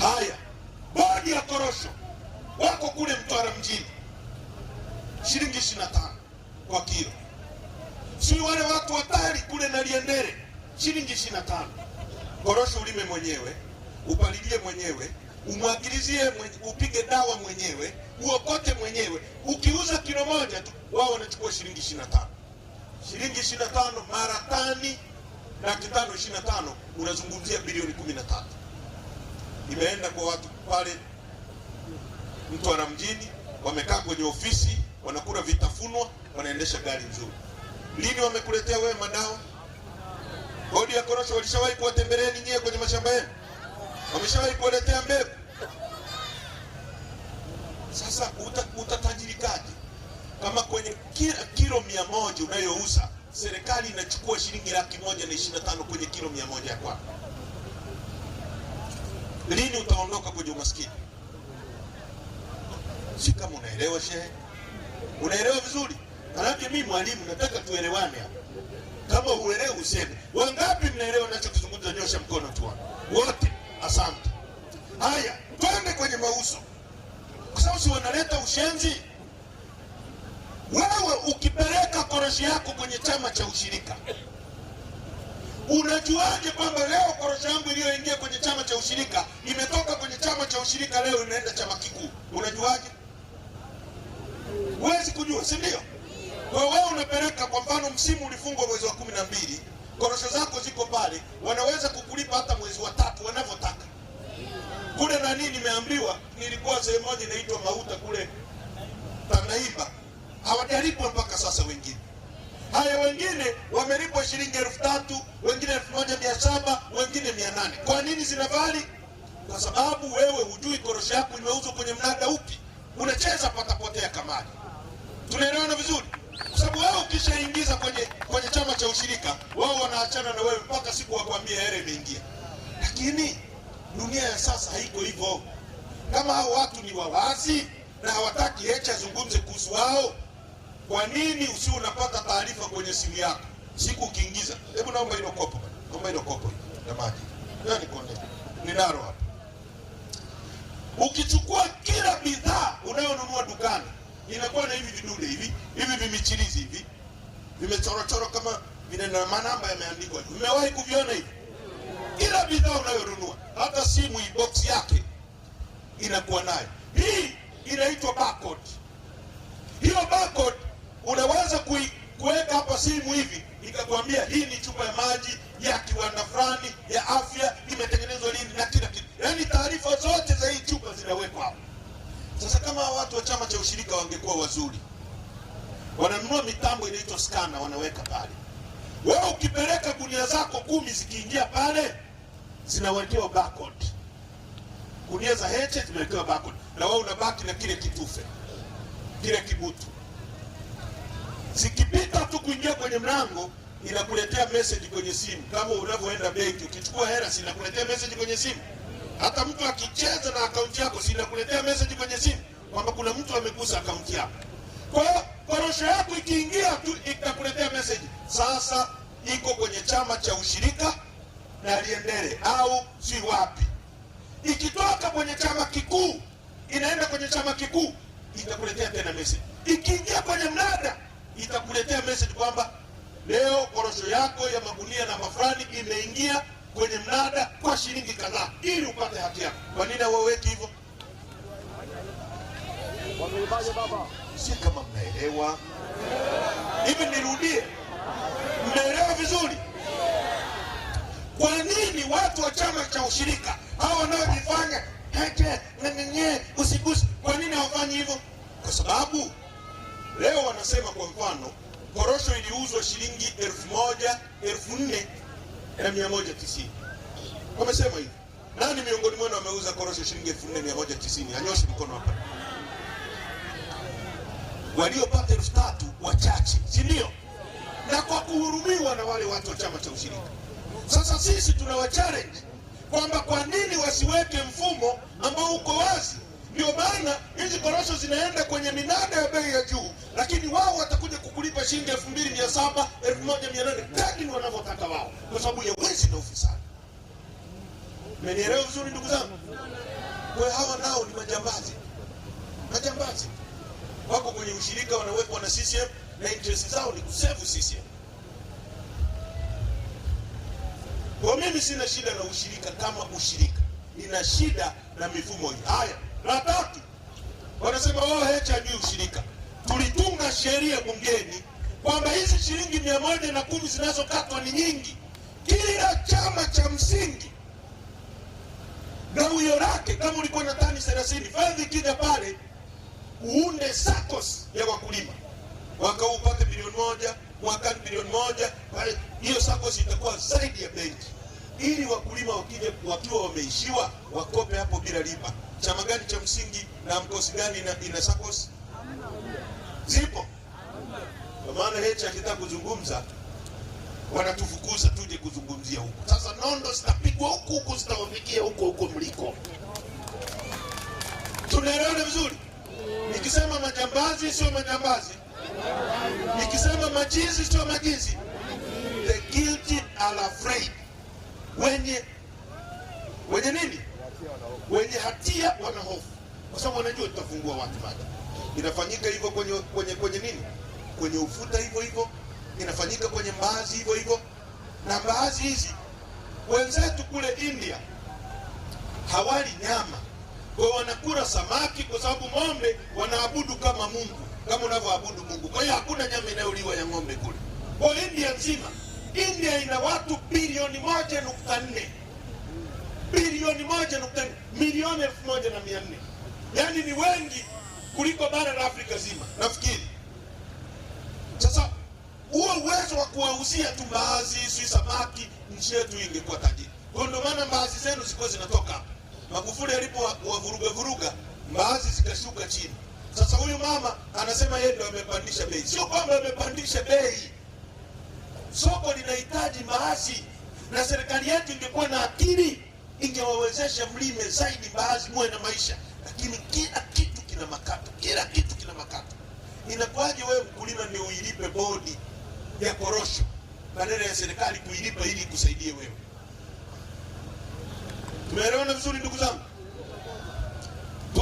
Haya, bodi ya korosho wako kule Mtwara mjini, shilingi ishirini na tano kwa kilo. Si wale watu watari kule liendere shilingi ishirini na tano. Korosho ulime mwenyewe, upalilie mwenyewe, umwagilizie mwenye, upige dawa mwenyewe, uokote mwenyewe. Ukiuza kilo moja tu, wao wanachukua shilingi ishirini na tano shilingi ishirini na tano mara tani laki tano ishirini na tano unazungumzia bilioni kumi na tatu imeenda kwa watu pale Mtwara mjini, wamekaa kwenye ofisi, wanakula vitafunwa, wanaendesha gari nzuri. Lini wamekuletea wewe madawa? Bodi ya korosho walishawahi kuwatembelea ninyi kwenye mashamba yenu? Wameshawahi kuwaletea mbegu? Sasa utatajirikaje kama kwenye kila kilo mia moja unayouza serikali inachukua shilingi laki moja na ishirini na tano kwenye kilo mia moja ya kwako? lini utaondoka kwenye umaskini? Si kama unaelewa shehe, unaelewa vizuri. Maanake mi mwalimu, nataka tuelewane hapa. Kama huelewi useme. Wangapi mnaelewa nachokizungumza? Nyosha mkono tu wote. Asante. Haya, twende kwenye mauzo, kwa sababu si wanaleta ushenzi. Wewe ukipeleka korashi yako kwenye chama cha ushirika Unajuaje kwamba leo korosho yangu iliyoingia kwenye chama cha ushirika imetoka kwenye chama cha ushirika leo inaenda chama kikuu? Unajuaje? Huwezi kujua, si ndio? Kwa wewe unapeleka, kwa mfano, msimu ulifungwa mwezi wa kumi na mbili, korosho zako ziko pale, wanaweza kukulipa hata mwezi wa tatu wanavyotaka kule nani. Nimeambiwa nilikuwa sehemu moja inaitwa Mauta kule Tanaiba, hawajalipwa mpaka sasa wengine Haya, wengine wamelipwa shilingi elfu tatu wengine elfu moja mia saba wengine mia nane Kwa nini zina Kwa sababu wewe hujui korosho yako imeuzwa kwenye mnada upi, unacheza patapotea kamari. Tunaelewana vizuri? Kwa sababu wewe ukishaingiza kwenye kwenye chama cha ushirika, wao wanaachana na wewe mpaka siku wakwambia hela imeingia. Lakini dunia ya sasa haiko hivyo. Kama hao watu ni wawazi na hawataki hecha azungumze kuhusu wao kwa nini usi unapata taarifa kwenye simu yako siku ukiingiza? Hebu naomba hilo kopo, naomba hilo kopo la maji konde ninalo hapa. Ukichukua kila bidhaa unayonunua dukani inakuwa na hivi vidude hivi hivi vimichirizi hivi vimechorochoro kama vina na manamba yameandikwa hivi. Umewahi kuviona hivi? Kila bidhaa unayonunua, hata simu box yake inakuwa nayo. Hii inaitwa barcode. simu hivi ikakwambia hii ni chupa ya maji ya kiwanda fulani ya afya imetengenezwa lini na kila kitu, yaani taarifa zote za hii chupa zinawekwa hapo. Sasa kama watu wa chama cha ushirika wangekuwa wazuri, wananunua mitambo inaitwa skana, wanaweka pale. Wewe ukipeleka gunia zako kumi, zikiingia pale zinawekewa barcode. Gunia za Heche zimewekewa barcode, na wewe unabaki na kile kitufe, kile kibutu zikipita tu kuingia kwenye mlango inakuletea message kwenye simu, kama unavyoenda benki ukichukua hela, si inakuletea message kwenye simu? Hata mtu akicheza na akaunti yako, si inakuletea message kwenye simu kwamba kuna mtu amegusa akaunti yako. Kwa hiyo korosho yako ikiingia tu itakuletea message. Sasa iko kwenye chama cha ushirika na liendele au si wapi. Ikitoka kwenye chama kikuu inaenda kwenye chama kikuu itakuletea tena message kukuletea message kwamba leo korosho yako ya magunia namba fulani imeingia kwenye mnada kwa shilingi kadhaa ili upate hati yako. Kwa nini hawaweki hivyo? Si kama mnaelewa hivi, nirudie, mnaelewa vizuri? Kwa nini watu wa chama cha ushirika hawa wanaojifanya usiguse, kwa nini hawafanyi hivyo? Kwa sababu Leo wanasema kwa mfano korosho iliuzwa shilingi elfu moja elfu nne na mia moja tisini wamesema hivi. Nani miongoni mwenu ameuza korosho shilingi elfu nne mia moja tisini? Anyoshe mkono hapa. Waliopata elfu tatu wachache, si ndio? Na kwa kuhurumiwa na wale watu wa chama cha ushirika. Sasa sisi tuna wachallenge kwamba kwa nini wasiweke mfumo ambao uko wazi ndio maana hizi korosho zinaenda kwenye minada ya bei ya juu, lakini wao watakuja kukulipa shilingi elfu mbili mia saba elfu moja mia nane kadri wanavyotaka wao, kwa sababu ya wezi na ufisadi. Mmenielewa vizuri, ndugu zangu? Kwa hawa nao ni majambazi, majambazi wako kwenye ushirika, wanawekwa na CCM na interest zao ni kusevu CCM. Kwa mimi sina shida na ushirika kama ushirika, nina shida na mifumo hii. Haya. La tatu, wanasema wao oh, ni ushirika. Tulitunga sheria bungeni kwamba hizi shilingi mia moja na kumi zinazokatwa ni nyingi. Kila chama cha msingi gawio lake, kama ulikuwa na tani thelathini, fedha ikija pale uunde SACCOS ya wakulima, mwaka huu upate bilioni moja, mwaka bilioni moja. Hiyo SACCOS itakuwa zaidi ya benki, ili wakulima wakija wakiwa wameishiwa wakope hapo bila riba chama gani cha msingi na mkosi gani ina, ina sakosi zipo. Kwa maana Heche akitaka kuzungumza wanatufukuza tuje kuzungumzia huko. Sasa nondo zitapigwa huku huku, zitawafikia huko huko mliko. Tunaelewana vizuri? Nikisema majambazi sio majambazi, nikisema majizi sio majizi. The guilty are afraid, wenye wenye nini wenye hatia wana hofu, kwa sababu wanajua tutafungua watu maji. Inafanyika hivyo kwenye, kwenye, kwenye nini, kwenye ufuta hivyo hivyo, inafanyika kwenye mbaazi hivyo hivyo. Na mbaazi hizi wenzetu kule India hawali nyama kwa wanakula samaki, kwa sababu ng'ombe wanaabudu kama Mungu, kama unavyoabudu Mungu. Kwa hiyo hakuna nyama inayoliwa ya ng'ombe kule. Kwa India nzima, India ina watu bilioni moja nukta nne milioni moja nukta milioni elfu moja na mia nne yaani ni wengi kuliko bara la Afrika zima nafikiri. Sasa huo uwezo wa kuwauzia tu mbaazi si samaki, nchi yetu ingekuwa tajiri. Kwa ndio maana mbaazi zenu zikuwa zinatoka hapa. Magufuli alipo wavurugavuruga mbaazi zikashuka chini. Sasa huyu mama anasema yeye ndo amepandisha bei. Sio kwamba amepandisha bei, soko linahitaji mbaazi, na serikali yetu ingekuwa na akili ingewawezesha mlime zaidi, baadhi muwe na maisha. Lakini kila kitu kina makato, kila kitu kina makato. Inakuwaje wewe mkulima ndio uilipe bodi ya korosho badala ya serikali kuilipa ili kusaidie wewe? Tumeelewana vizuri ndugu zangu?